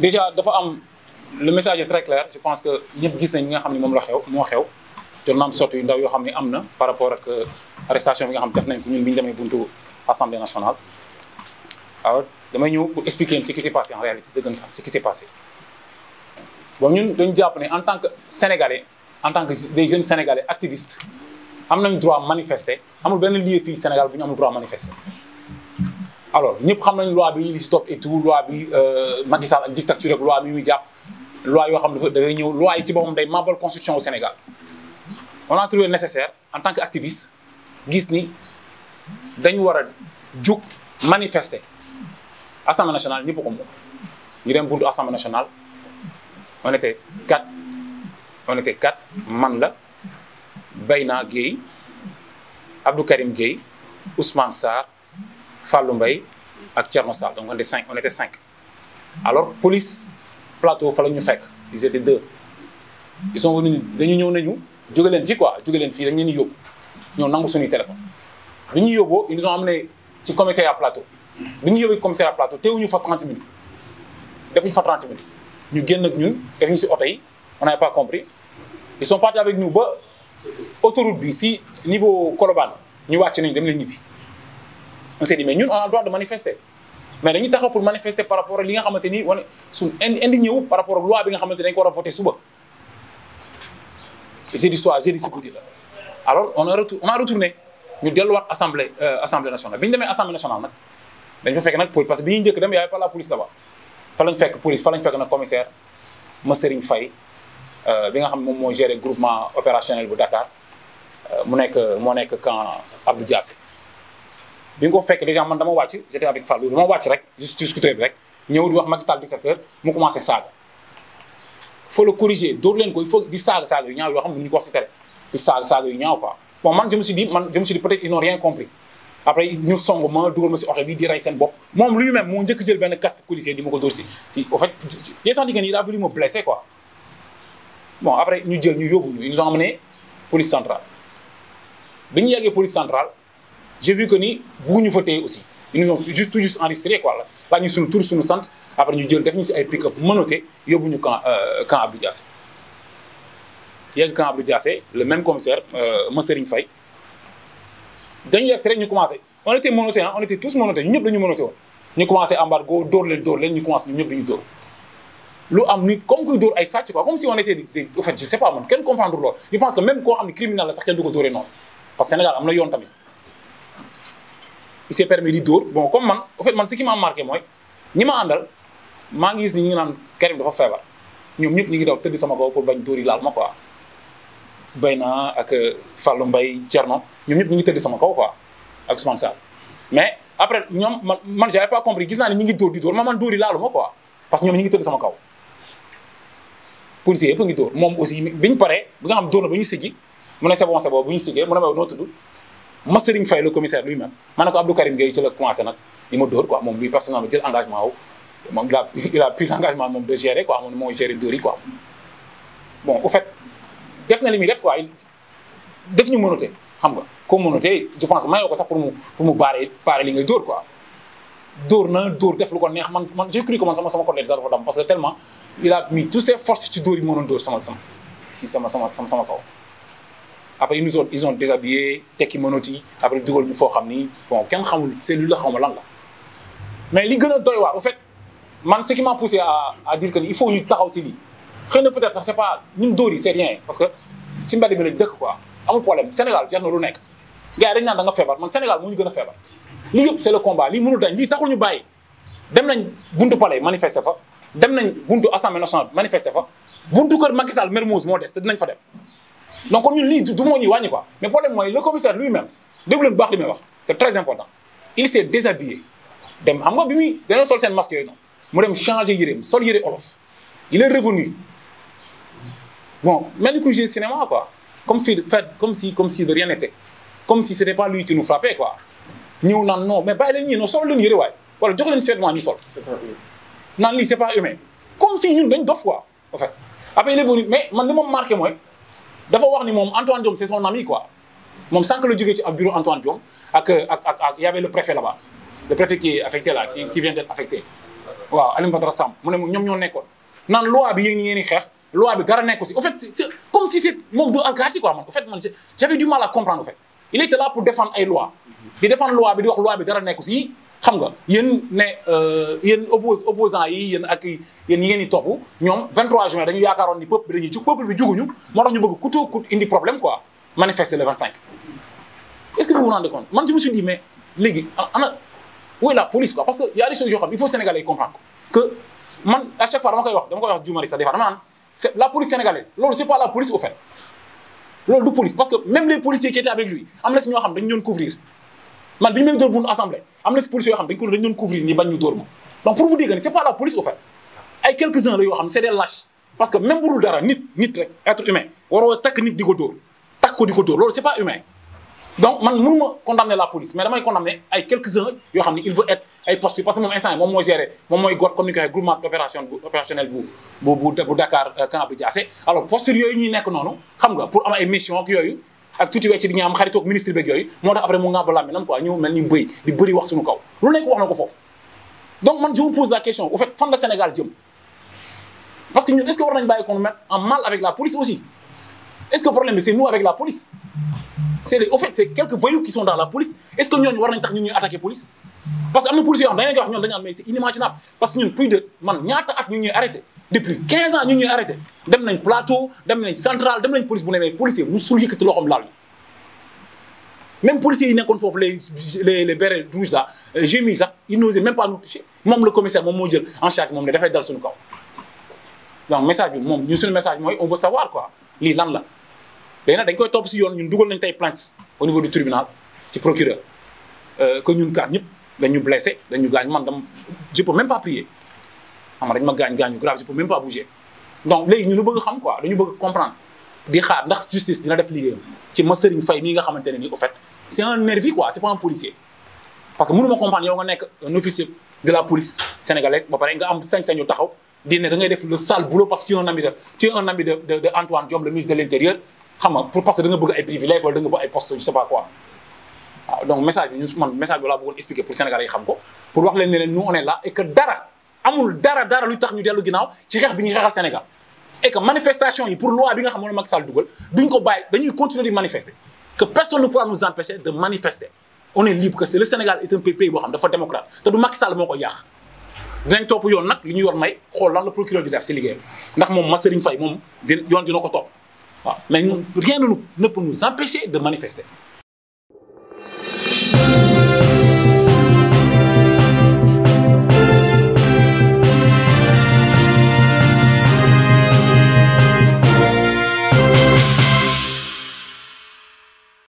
déjà dafa am le message est très clair je pense que ñëpp gis nañ ñi nga xam ne moom la xew moo xew jot na am yu ndaw yoo xam ne am na par rapport ak euh, arrestation bi nga xam ne def nañ ko ñun bi ñu demee buntu assemblée nationale waaw damay ñëw pour expliquer ce qui s'est passé en réalité dëggantaan ce qui ñun dañu jàpp ne en tant que sénégalais en tant que des jeunes sénégalais activistes am nañ droit manifester amul benn lieu fii Sénégal bu ñu amul droit manifester alors ñëpp xam nañ loi bi li si topp et tout loi bi euh, Macky Sall ak dictature ak loi bi muy jàpp loi yoo xam dafa dafay ñëw loi yi ci boppam day mabal constitution au Sénégal on a trouvé nécessaire en tant que activiste gis ni dañu war a jug manifester assemblée nationale ñëpp ko moom ñu dem buntu assemblée nationale on était quatre on était quatre man la Bayna Gueye Abdou Karim Gueye Ousmane Sarr Fallou ak Thierno Sall donc on était cinq on cinq alors police plateau fa la ñu fekk ils étaient deux ils sont venus dañu ñëw nañu jóge leen fii quoi jóge leen fii dañu leen yóbbu ñoo nangu suñuy téléphone bi ñu yóbboo ils am amené ci commissariat plateau bi ñu yóbboo ci commissariat plateau teewuñu fa 30 minutes defuñu fa 30 minutes ñu génn ak ñun defuñu si oto yi on n'avait pas compris ils sont partis avec nous ba autoroute bi si niveau Colobane ñu wàcc nañu dem leen ñibbi on s'est dit mais ñun on a le droit de manifester mais dañu taxaw pour manifester par rapport ak li nga xamante ni wane suñ indi ñëw par rapport ak loi bi nga xamante dañ ko war a voter suba jeudi soir jeudi si guddi la alors on a retour on a retourné ñu delluwaat assemblée euh, assemblée nationale bi ñu demee assemblée nationale nag dañ fa fekk nag police parce que bi ñu njëkk dem y avait pas la police là-bas fa lañ fekk police fekk nag commissaire ma Serigne Faye euh, bi nga xam moom moo géré groupement opérationnel bu Dakar euh, mu nekk moo nekk kan Abdou Diassé bi nga ko fekkee déjà man dama wàcc j'étais avec Fallou dama wàcc rek juste discuter rek ñëw di wax Macky Sall dictateur mu commencé saaga faut le corriger dóor leen ko il faut di saaga saaga yu ñaaw yoo xam ne ñu ko wax si télé di saaga saaga yu ñaaw quoi bon man je me suis dit man je rien compris après ñu song ma dugal ma si oto bi di moom moo njëkk jël benn casque policier di ma ko dóor si si au fait j'ai senti que il a voulu me blesser quoi après ñu jël ñu yóbbu ñu ils nous ont amené police centrale bi ñu je vu que ni bugguñu fa téye aussi ñu ñoo juste tout juste enregistré quoi la laaj ñu suñu tur suñu sant après ñu jël def ñu si ay pick up menotté yóbbu ñu camp euh, camp Abdou Diassé yegg camp Abdou Diassé le même commissaire euh, ma Serigne Faye dañu yegg ñu commencé on était menotté ah on tous menotté ñu ñëpp dañu menotté woon ñu commencé embargo dóor leen dóor leen ñu commencé ñu ñëpp dañu dóor lu am nit comme kuy dóor ay sàcc quoi comme si on était en fait je sais yoon tamit il s'est permis di dóor bon comme man au fait man m'a marqué mooy ñi ma àndal maa ngi gis ni ñi ngi naan Karim dafa feebar ñoom ñëpp ñi ngi daw tëdd sama kaw pour bañ dóor yi ma quoi bay naa ak euh, Fallou Mbaye Thierno ñoom ñëpp ñi ngi tëdd sama kaw quoi ak Ousmane Sall mais après ñoom man man j'avais pas compris gis naa ne ngi dóor di dóor ma man dóor yi laalu ma ngi tëdd sama kaw policier yëpp a ngi dóor moom aussi biñu paree bi nga xam dóor na ba ñu siggi mu ne c'est bon c'est bu ñu siggee mu a ma noo tudd ma Serigne Faye le commissaire lui-même ma ne ko Abdou Karim Gueye ci la nag di ma dóor quoi moom lui personnellement jël engagement wu moom il a il moom de gérer quoi moom au fait def na li muy def quoi def ñu mënute xam nga ko mënute je pense mayoo ko sax pour mu pour li ngay dóor quoi dóor na dóor def lu ko neex man man j'ai cru man sama sama côté dafa dam parce que tellement il a mis toutes ses forces ci dóor yi mënoon sama sama après ils nous ont ils ont déshabillé tekki monoti après dugal ñu foo xam ni bon ken xamul cellule la xaw ma la mais li gën a doy waar au fait man ce qui m'a poussé à dire que il faut ñu taxaw si lii xëy na peut sax c'est pas ñun dóor yi c'est parce que ci mbedd bi lañ dëkk quoi amul problème Sénégal jar na lu nekk gars yi dañ naan da nga feebar man Sénégal moo ñu gën a feebar lii yëpp c'est le combat lii mënul dañ lii taxul ñu bàyyi dem nañ buntu palais manifester fa dem nañ buntu assemblée nationale manifester fa buntu kër Macky Sall Mermoz moo des fa dem donc comme ñun lii du moo ñuy wàññi quoi mais problème mooy le commissaire lui-même déglu leen bu baax li may wax c'est très important il s'est déshabillé dem xam nga bi muy dañoo sol seen masque yooyu noonu mu dem changer yéreem sol yére olof il est revenu bon mel ni ku joué cinéma quoi comme fii comme si comme si rien n'était comme si c'était pas lui qui nous frappait quoi ñëw naan non mais bàyyi leen ñii non sol leen yére waay wala jox leen vêtement ñu naan lii c'est pas humain comme si ñun dañ dof quoi en fait après il est venu mais man li ma marqué mooy dafa wax ni moom Antoine Diome c'est son ami quoi moom sànq la jógee ci ab bureau Antoine Diome ak ak ak ak y avait le préfet là-bas le préfet qui est affecté là qui vient d'être affecté waaw Alioune Badara Samb mu ne ñoom ñoo nekkoon naan loi bi yéen ñi ngeen di xeex loi bi dara nekk aussi en fait comme si c'est moom du alkaati quoi man en fait man j'avais du mal à comprendre en fait il était là pour défendre ay loi di défendre loi bi di wax loi bi dara nekk aussi xam nga yéen ne euh, yéen oppos opposants yi yéen ak yéen ñi ngeen ñoom topp ñoom 23 juin dañu yaakaaroon ni peuple dañuy ci peuple bi juguñu moo tax ñu bëgg coûte que coûte indi problème quoi man je me suis dit mais léegi ah, ana où la police quoi parce que y a des choses xam il faut sénégalais comprendre que man à chaque fois dama koy wax dama koy wax Diouf Marissa des fois dama c'est la police sénégalaise loolu c'est pas la police au fait loolu du police parce que même les policiers qui étaient ñoo xam dañu doon couvrir man bi ñu may doon am na si police yoo xam dañ ko dañ doon couvrir nii bañ ñu dóor ma donc pour vous dire que ni pas la police au ay quelques uns la yoo xam c' est parce que même bu dul dara nit nit rek être humain waroo takk nit di ko dóor takk pas humain donc man mënu ma condamner la police mais damay condamner ay quelques uns yoo xam ne il veut moom instant yi moom moo géré moom mooy GOT comme ni ñu ko groupement d'opération opérationnel bu bu bu Dakar euh, Canap du alors posture yooyu ñuy nekk noonu xam nga pour am ay mission yooyu ak tuuti wecc di ñaam xaritoog ministre beeg yooyu moo tax après mu ngàbbu làmminam quoi ñëw mel ni bëy di bëri wax suñu kaw lu nekk wax na ko foofu donc man je pose la question au fait fan la Sénégal jëm parce que ñun est que war nañ bàyyi qu'on mette en mal avec la police aussi est que problème bi c'est nous avec la police c'est que ñooñu war nañ tax ñun ñuy attaquer police parce que am na police yoo am mais c'est ñun plus de man ñaata depuis 15 ans ñu ñuy arrêté dem nañ plateau dem nañ central dem nañ police bu nemee policier musul yëkkati loxoom laal ñu même policiers yi nekkoon foofu les les les bérets rouges sax ils n'osaient même pas nous toucher moom la commissaire moom moo jël en charge moom ne dafay dal suñu kaw donc message bi moom ñu suñu message mooy on veut savoir quoi lii lan la léegi nag dañ koy topp si yoon ñun dugal nañ tey plainte au niveau du tribunal ci procureur euh, que ñun kaat ñëpp dañu blessé dañu gaañ man dama je peux même pas xam na dañ ma gaañ gaañu grave je peux même pas bouger donc léegi ñu lu bëgg xam quoi dañu bëgg comprendre di xaar ndax justice dina def liggéeyam ci ma Serigne Faye nga xamante ne nii au fait c' un nervi quoi c' un policier parce que mënu ma comprendre yow nga nekk un officier de la police sénégalaise ba pare nga am sañ-sañu taxaw di ne def le sale boulot parce que un ami de un ami de de de Antoine Diome de l' intérieur parce que bi ñu man message bi laa bëggoon expliquer pour amul dara dara luy tax ñu dellu ginnaaw ci xeex bi ñuy xeexal Sénégal et que manifestation yi pour loi bi nga xam moom la Macky Sall dugal duñ ko bàyyi dañuy continuer di manifester que personne ne pourra nous empêcher de manifester on xam dafa démocrate te du Macky Sall moo ko yàq dinañ topp yoon nag li ñu war may xool lan la procureur di def si liggéeyam ndax moom Serigne Faye moom yoon dina ko topp waaw mais ñun rien ne peut nous empêcher de manifester